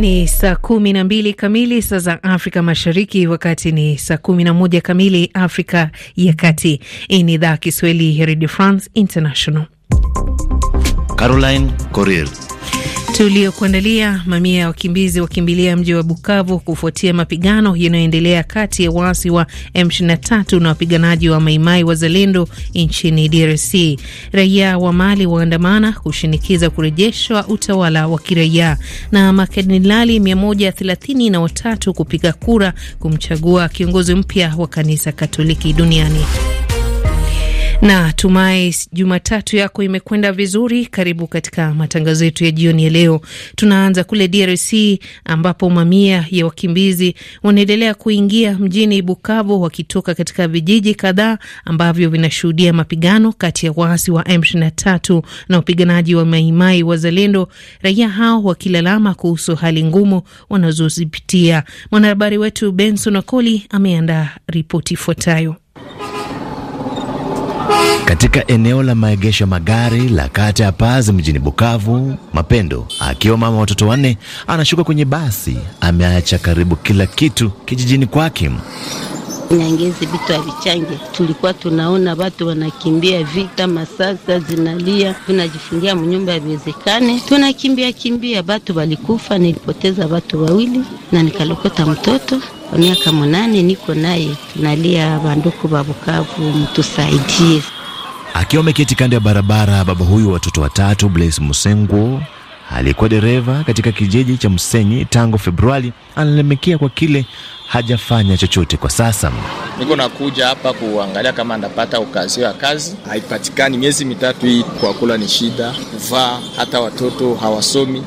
Ni saa kumi na mbili kamili saa za Afrika Mashariki, wakati ni saa kumi na moja kamili Afrika ya Kati. Hii ni idhaa Kiswahili ya Redio France International. Caroline Coril Tuliokuandalia. Mamia ya wakimbizi wakimbilia mji wa Bukavu kufuatia mapigano yanayoendelea kati ya waasi wa M23 na wapiganaji wa Maimai Wazalendo nchini DRC. Raia wa Mali waandamana kushinikiza kurejeshwa utawala wa kiraia, na makardinali 133 kupiga kura kumchagua kiongozi mpya wa kanisa Katoliki duniani. Na tumai Jumatatu yako imekwenda vizuri. Karibu katika matangazo yetu ya jioni ya leo. Tunaanza kule DRC ambapo mamia ya wakimbizi wanaendelea kuingia mjini Bukavu wakitoka katika vijiji kadhaa ambavyo vinashuhudia mapigano kati ya waasi wa M23 na wapiganaji wa Maimai Wazalendo, raia hao wakilalama kuhusu hali ngumu wanazozipitia. Mwanahabari wetu Benson wacoli ameandaa ripoti ifuatayo. Katika eneo la maegesho magari la kata ya Pazi mjini Bukavu, Mapendo akiwa mama watoto wanne anashuka kwenye basi. Ameacha karibu kila kitu kijijini kwake. Nyangezi vitu havichange, tulikuwa tunaona watu wanakimbia vita, masasa zinalia, tunajifungia mnyumba yaviwezekane, tunakimbia kimbia. Watu walikufa, nilipoteza watu wawili na nikalokota mtoto wa miaka munane, niko naye tunalia. vanduku ba Bukavu, mtusaidie. Akiwa ameketi kando ya barabara, baba huyu watoto watatu, Blaise Musengo aliyekuwa dereva katika kijiji cha Msenyi tangu Februari, analemekea kwa kile hajafanya chochote kwa sasa. Niko nakuja hapa kuangalia kama ndapata ukazio ya kazi, haipatikani. Miezi mitatu hii kwa kula ni shida, kuvaa, hata watoto hawasomi.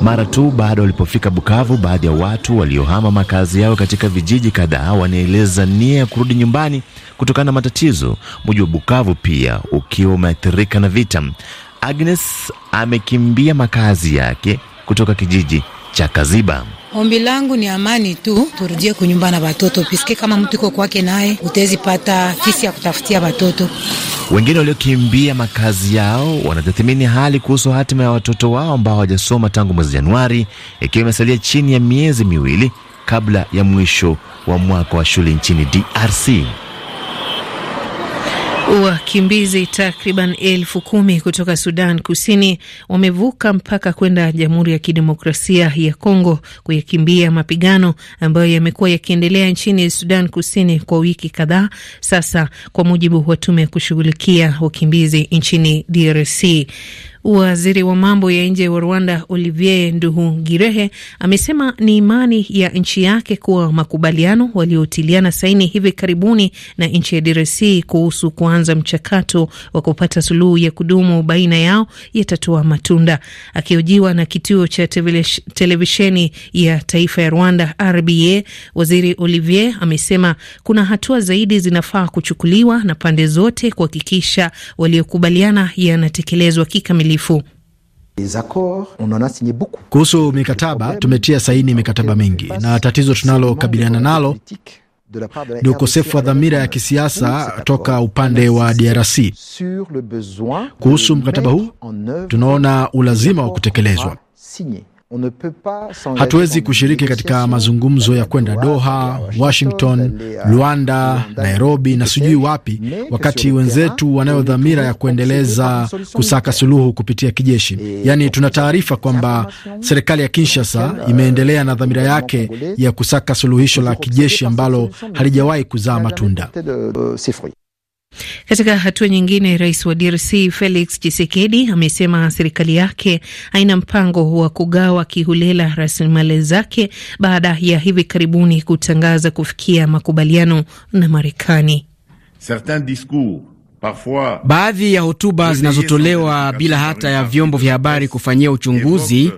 Mara tu baada walipofika Bukavu, baadhi ya watu waliohama makazi yao katika vijiji kadhaa wanaeleza nia ya kurudi nyumbani kutokana na matatizo, mji wa Bukavu pia ukiwa umeathirika na vita. Agnes amekimbia makazi yake kutoka kijiji cha Kaziba. Ombi langu ni amani tu, turudie kunyumba na watoto piske, kama mtu iko kwake naye utezi pata fisi ya kutafutia watoto. Wengine waliokimbia makazi yao wanatathimini hali kuhusu hatima ya watoto wao ambao hawajasoma tangu mwezi Januari, ikiwa imesalia chini ya miezi miwili kabla ya mwisho wa mwaka wa shule nchini DRC. Wakimbizi takriban elfu kumi kutoka Sudan Kusini wamevuka mpaka kwenda Jamhuri ya Kidemokrasia ya Kongo kuyakimbia mapigano ambayo yamekuwa yakiendelea nchini Sudan Kusini kwa wiki kadhaa sasa, kwa mujibu wa tume ya kushughulikia wakimbizi nchini DRC. Waziri wa mambo ya nje wa Rwanda Olivier Nduhungirehe amesema ni imani ya nchi yake kuwa makubaliano waliotiliana saini hivi karibuni na nchi ya DRC kuhusu kuanza mchakato wa kupata suluhu ya kudumu baina yao yatatoa matunda. Akihojiwa na kituo cha televisheni ya taifa ya Rwanda RBA, waziri Olivier amesema kuna hatua zaidi zinafaa kuchukuliwa na pande zote kuhakikisha waliokubaliana yanatekelezwa kikamilifu uhalifu. Kuhusu mikataba, tumetia saini mikataba mingi, na tatizo tunalokabiliana nalo ni ukosefu wa dhamira ya kisiasa toka upande wa DRC. Kuhusu mkataba huu, tunaona ulazima wa kutekelezwa. Hatuwezi kushiriki katika mazungumzo ya kwenda Doha, Washington, Luanda, Nairobi na sijui wapi, wakati wenzetu wanayo dhamira ya kuendeleza kusaka suluhu kupitia kijeshi. Yaani, tuna taarifa kwamba serikali ya Kinshasa euh, imeendelea na dhamira yake ya kusaka suluhisho la kijeshi ambalo halijawahi kuzaa matunda. Katika hatua nyingine, rais wa DRC Felix Tshisekedi amesema serikali yake haina mpango wa kugawa kiholela rasilimali zake baada ya hivi karibuni kutangaza kufikia makubaliano na Marekani. Baadhi ya hotuba zinazotolewa bila hata ya vyombo vya habari kufanyia uchunguzi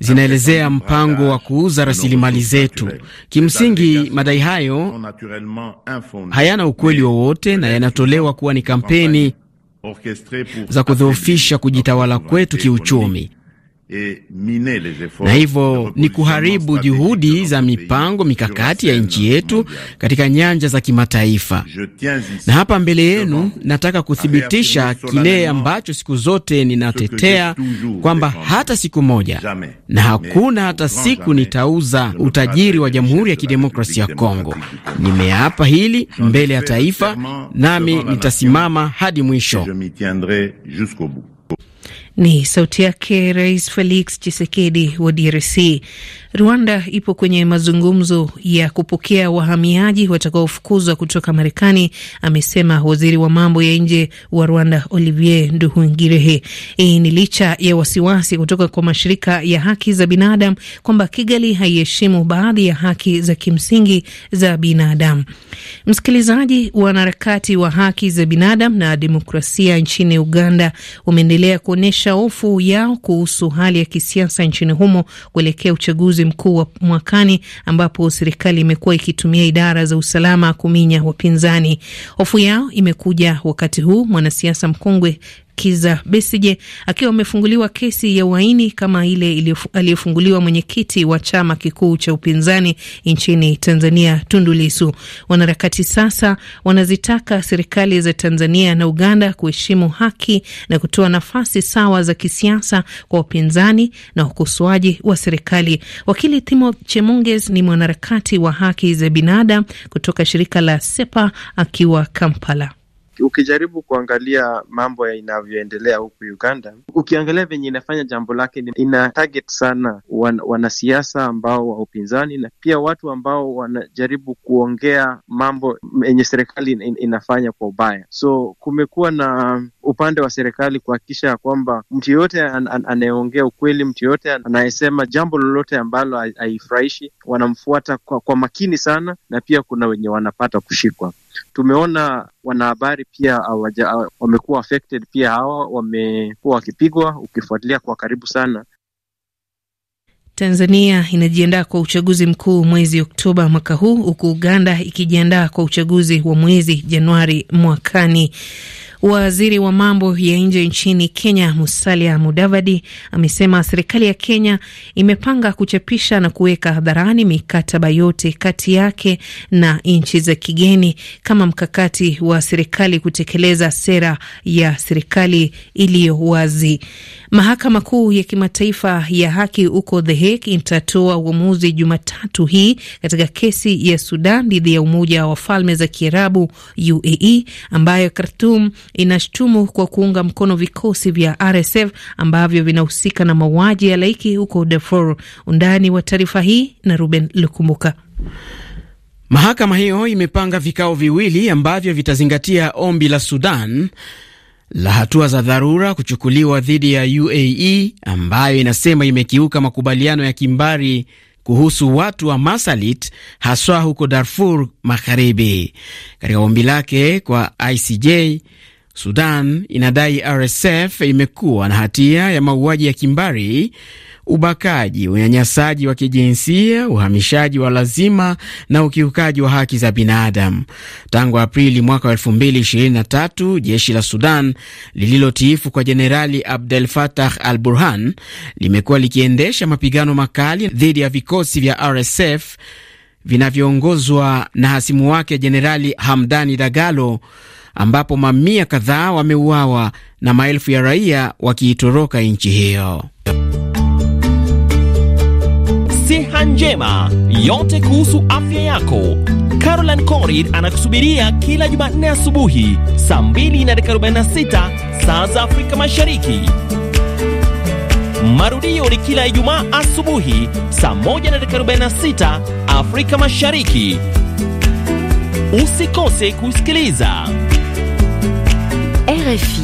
zinaelezea mpango wa kuuza rasilimali zetu. Kimsingi, madai hayo hayana ukweli wowote na yanatolewa kuwa ni kampeni za kudhoofisha kujitawala kwetu kiuchumi. E na hivyo ni kuharibu juhudi za mipango mikakati ya nchi yetu katika nyanja za kimataifa. Na hapa mbele yenu nataka kuthibitisha kile ambacho siku zote ninatetea kwamba hata siku moja na hakuna hata siku nitauza utajiri wa Jamhuri ya Kidemokrasia ya Kongo. Nimeapa hili mbele ya taifa, nami nitasimama hadi mwisho. Ni sauti yake Rais Felix Chisekedi wa DRC. Rwanda ipo kwenye mazungumzo ya kupokea wahamiaji watakaofukuzwa kutoka Marekani, amesema waziri wa mambo ya nje wa Rwanda Olivier Nduhungirehe. Hii ni licha ya wasiwasi kutoka kwa mashirika ya haki za binadamu kwamba Kigali haiheshimu baadhi ya haki za kimsingi za binadamu. Msikilizaji, wanaharakati wa haki za binadamu na demokrasia nchini Uganda wameendelea kuonyesha hofu yao kuhusu hali ya kisiasa nchini humo kuelekea uchaguzi uchaguzi mkuu wa mwakani ambapo serikali imekuwa ikitumia idara za usalama kuminya wapinzani. Hofu yao imekuja wakati huu mwanasiasa mkongwe Kiza Besije akiwa amefunguliwa kesi ya uhaini kama ile aliyofunguliwa mwenyekiti wa chama kikuu cha upinzani nchini Tanzania, Tundu Lissu. Wanaharakati sasa wanazitaka serikali za Tanzania na Uganda kuheshimu haki na kutoa nafasi sawa za kisiasa kwa upinzani na ukosoaji wa serikali. Wakili Timo Chemunges ni mwanaharakati wa haki za binadamu kutoka shirika la Sepa akiwa Kampala. Ukijaribu kuangalia mambo inavyoendelea huku Uganda, ukiangalia venye inafanya jambo lake, ina target sana wan, wanasiasa ambao wa upinzani na pia watu ambao wanajaribu kuongea mambo yenye serikali in, inafanya kwa ubaya. So kumekuwa na upande wa serikali kuhakikisha ya kwamba mtu yoyote an, an, anayeongea ukweli, mtu yoyote anayesema jambo lolote ambalo haifurahishi, wanamfuata kwa, kwa makini sana, na pia kuna wenye wanapata kushikwa. Tumeona wanahabari pia wamekuwa affected, pia hawa wamekuwa wakipigwa, ukifuatilia kwa karibu sana. Tanzania inajiandaa kwa uchaguzi mkuu mwezi Oktoba mwaka huu huku Uganda ikijiandaa kwa uchaguzi wa mwezi Januari mwakani. Waziri wa mambo ya nje nchini Kenya, Musalia Mudavadi, amesema serikali ya Kenya imepanga kuchapisha na kuweka hadharani mikataba yote kati yake na nchi za kigeni kama mkakati wa serikali kutekeleza sera ya serikali iliyo wazi. Mahakama Kuu ya Kimataifa ya Haki huko The Hague itatoa uamuzi Jumatatu hii katika kesi ya Sudan dhidi ya Umoja wa Falme za Kiarabu, UAE, ambayo Khartoum inashtumu kwa kuunga mkono vikosi vya RSF ambavyo vinahusika na mauaji ya laiki huko Darfur. Undani wa taarifa hii na Ruben Lukumbuka. Mahakama hiyo imepanga vikao viwili ambavyo vitazingatia ombi la Sudan la hatua za dharura kuchukuliwa dhidi ya UAE ambayo inasema imekiuka makubaliano ya kimbari kuhusu watu wa Masalit haswa huko Darfur Magharibi. Katika ombi lake kwa ICJ, Sudan inadai RSF imekuwa na hatia ya mauaji ya kimbari, ubakaji, unyanyasaji wa kijinsia, uhamishaji wa lazima na ukiukaji wa haki za binadamu. Tangu Aprili mwaka wa 2023 jeshi la Sudan lililotiifu kwa Jenerali Abdel Fattah al Burhan limekuwa likiendesha mapigano makali dhidi ya vikosi vya RSF vinavyoongozwa na hasimu wake Jenerali Hamdani Dagalo ambapo mamia kadhaa wameuawa na maelfu ya raia wakiitoroka nchi hiyo. Siha Njema, yote kuhusu afya yako. Caroline Corid anakusubiria kila Jumanne asubuhi saa 246 saa za Afrika Mashariki. Marudio ni kila Ijumaa asubuhi saa 146 Afrika Mashariki. Usikose kusikiliza. RFI.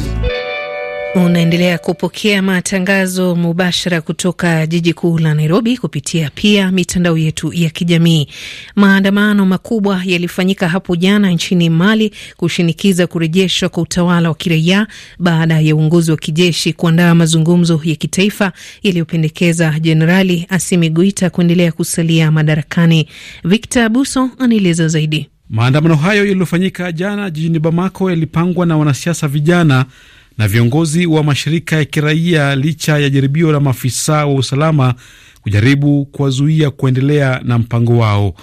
Unaendelea kupokea matangazo mubashara kutoka jiji kuu la Nairobi kupitia pia mitandao yetu ya kijamii. Maandamano makubwa yalifanyika hapo jana nchini Mali kushinikiza kurejeshwa kwa utawala wa kiraia baada ya uongozi wa kijeshi kuandaa mazungumzo ya kitaifa yaliyopendekeza Jenerali Asimi Guita kuendelea kusalia madarakani. Victor Buso anaeleza zaidi. Maandamano hayo yaliyofanyika jana jijini Bamako yalipangwa na wanasiasa vijana na viongozi wa mashirika ya kiraia licha ya jaribio la maafisa wa usalama kujaribu kuwazuia kuendelea na mpango wao.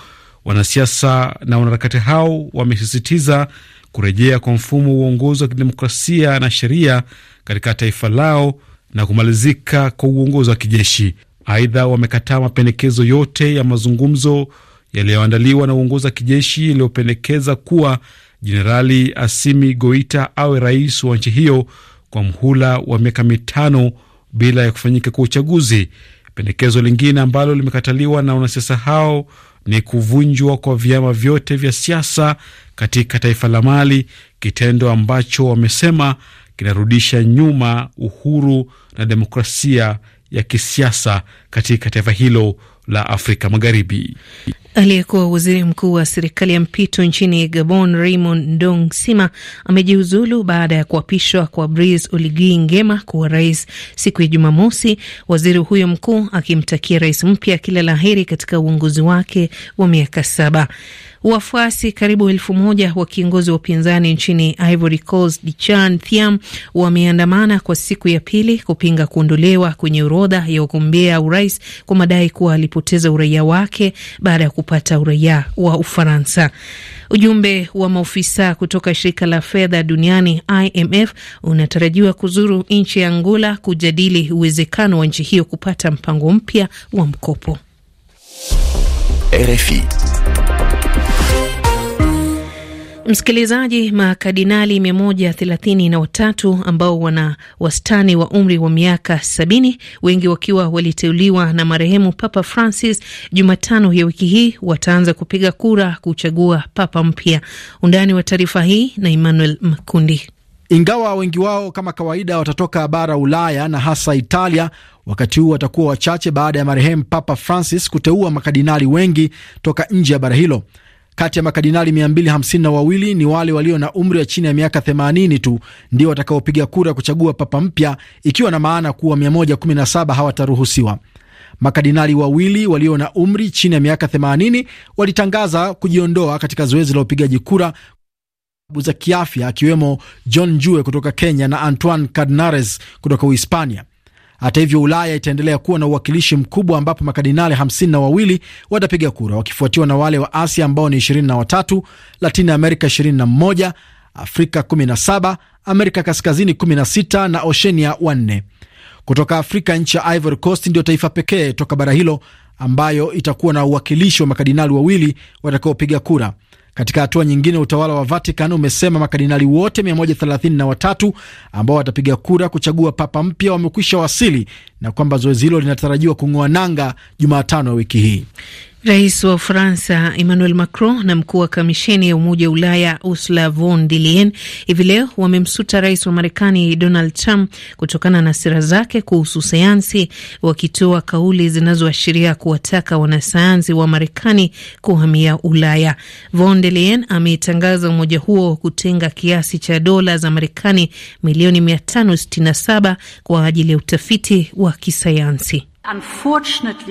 Wanasiasa na wanaharakati hao wamesisitiza kurejea kwa mfumo wa uongozi wa kidemokrasia na sheria katika taifa lao na kumalizika kwa uongozi wa kijeshi. Aidha, wamekataa mapendekezo yote ya mazungumzo yaliyoandaliwa na uongozi wa kijeshi yaliyopendekeza kuwa Jenerali Asimi Goita awe rais wa nchi hiyo kwa mhula wa miaka mitano bila ya kufanyika kwa uchaguzi. Pendekezo lingine ambalo limekataliwa na wanasiasa hao ni kuvunjwa kwa vyama vyote vya siasa katika taifa la Mali, kitendo ambacho wamesema kinarudisha nyuma uhuru na demokrasia ya kisiasa katika taifa hilo la Afrika Magharibi. Aliyekuwa waziri mkuu wa serikali ya mpito nchini Gabon, Raymond Ndong Sima amejiuzulu baada ya kuapishwa kwa Brice Oligui Ngema kuwa rais siku ya Jumamosi, waziri huyo mkuu akimtakia rais mpya kila la heri katika uongozi wake wa miaka saba. Wafuasi karibu elfu moja wa kiongozi wa upinzani nchini Ivory Coast Dichan Thiam wameandamana kwa siku ya pili kupinga kuondolewa kwenye orodha ya wagombea urais kwa madai kuwa alipoteza uraia wake baada ya kupata uraia wa Ufaransa. Ujumbe wa maofisa kutoka shirika la fedha duniani IMF unatarajiwa kuzuru nchi ya Angola kujadili uwezekano wa nchi hiyo kupata mpango mpya wa mkopo. RFI. Msikilizaji, makardinali 133 ambao wana wastani wa umri wa miaka sabini wengi wakiwa waliteuliwa na marehemu Papa Francis, Jumatano ya wiki hii wataanza kupiga kura kuchagua papa mpya. Undani wa taarifa hii na Emmanuel Makundi. Ingawa wengi wao kama kawaida watatoka bara Ulaya na hasa Italia, wakati huu watakuwa wachache baada ya marehemu Papa Francis kuteua makardinali wengi toka nje ya bara hilo. Kati ya makardinali 252 ni wale walio na umri wa chini ya miaka 80 tu ndio watakaopiga kura kuchagua papa mpya, ikiwa na maana kuwa 117 hawataruhusiwa. Makardinali wawili walio na umri chini ya miaka 80 walitangaza kujiondoa katika zoezi la upigaji kura za kiafya, akiwemo John Jue kutoka Kenya na Antoine Cardnares kutoka Uhispania. Hata hivyo, Ulaya itaendelea kuwa na uwakilishi mkubwa ambapo makadinali hamsini na wawili watapiga kura wakifuatiwa na wale wa Asia ambao ni 23, Latini Amerika 21, Afrika 17, Amerika Kaskazini 16 na Oshenia wanne. Kutoka Afrika, nchi ya Ivory Coast ndio taifa pekee toka bara hilo ambayo itakuwa na uwakilishi wa makadinali wawili watakaopiga kura. Katika hatua nyingine, utawala wa Vatican umesema makardinali wote 133 ambao watapiga kura kuchagua papa mpya wamekwisha wasili na kwamba zoezi hilo linatarajiwa kung'oa nanga Jumatano ya wiki hii. Rais wa Ufaransa Emmanuel Macron na mkuu wa kamisheni ya Umoja wa Ulaya Ursula von der Leyen hivi leo wamemsuta rais wa Marekani Donald Trump kutokana na sera zake kuhusu sayansi, wakitoa kauli zinazoashiria kuwataka wanasayansi wa Marekani kuhamia Ulaya. Von der Leyen ametangaza umoja huo kutenga kiasi cha dola za Marekani milioni 567 kwa ajili ya utafiti wa kisayansi.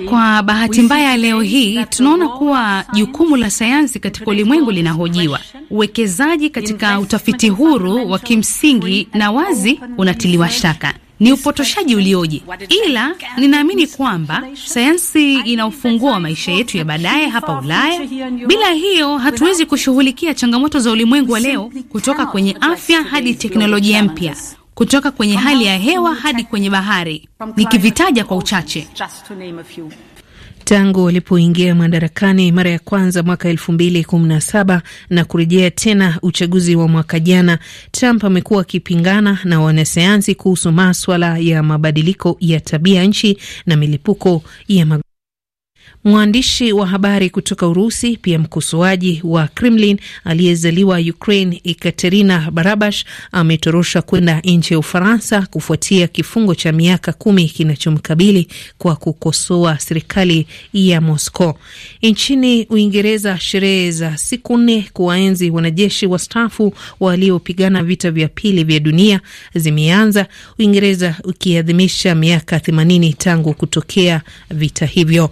Kwa bahati mbaya, leo hii tunaona kuwa jukumu la sayansi katika ulimwengu linahojiwa. Uwekezaji katika utafiti huru wa kimsingi na wazi unatiliwa shaka. Ni upotoshaji ulioje! Ila ninaamini kwamba sayansi ina ufunguo wa maisha yetu ya baadaye hapa Ulaya. Bila hiyo, hatuwezi kushughulikia changamoto za ulimwengu wa leo, kutoka kwenye afya hadi teknolojia mpya kutoka kwenye hali ya hewa hadi kwenye bahari, nikivitaja kwa uchache. Tangu walipoingia madarakani mara ya kwanza mwaka elfu mbili kumi na saba na kurejea tena uchaguzi wa mwaka jana, Trump amekuwa akipingana na wanasayansi kuhusu maswala ya mabadiliko ya tabia nchi na milipuko ya Mwandishi wa habari kutoka Urusi, pia mkosoaji wa Kremlin aliyezaliwa Ukraine, Ekaterina Barabash ametorosha kwenda nchi ya Ufaransa kufuatia kifungo cha miaka kumi kinachomkabili kwa kukosoa serikali ya Moscow. Nchini Uingereza, sherehe za siku nne kuwaenzi wanajeshi wastaafu waliopigana vita vya pili vya dunia zimeanza, Uingereza ukiadhimisha miaka 80 tangu kutokea vita hivyo.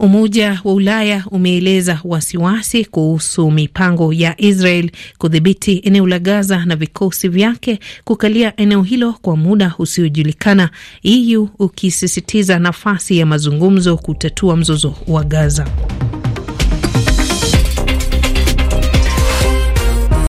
Umoja wa Ulaya umeeleza wasiwasi kuhusu mipango ya Israel kudhibiti eneo la Gaza na vikosi vyake kukalia eneo hilo kwa muda usiojulikana, EU ukisisitiza nafasi ya mazungumzo kutatua mzozo wa Gaza.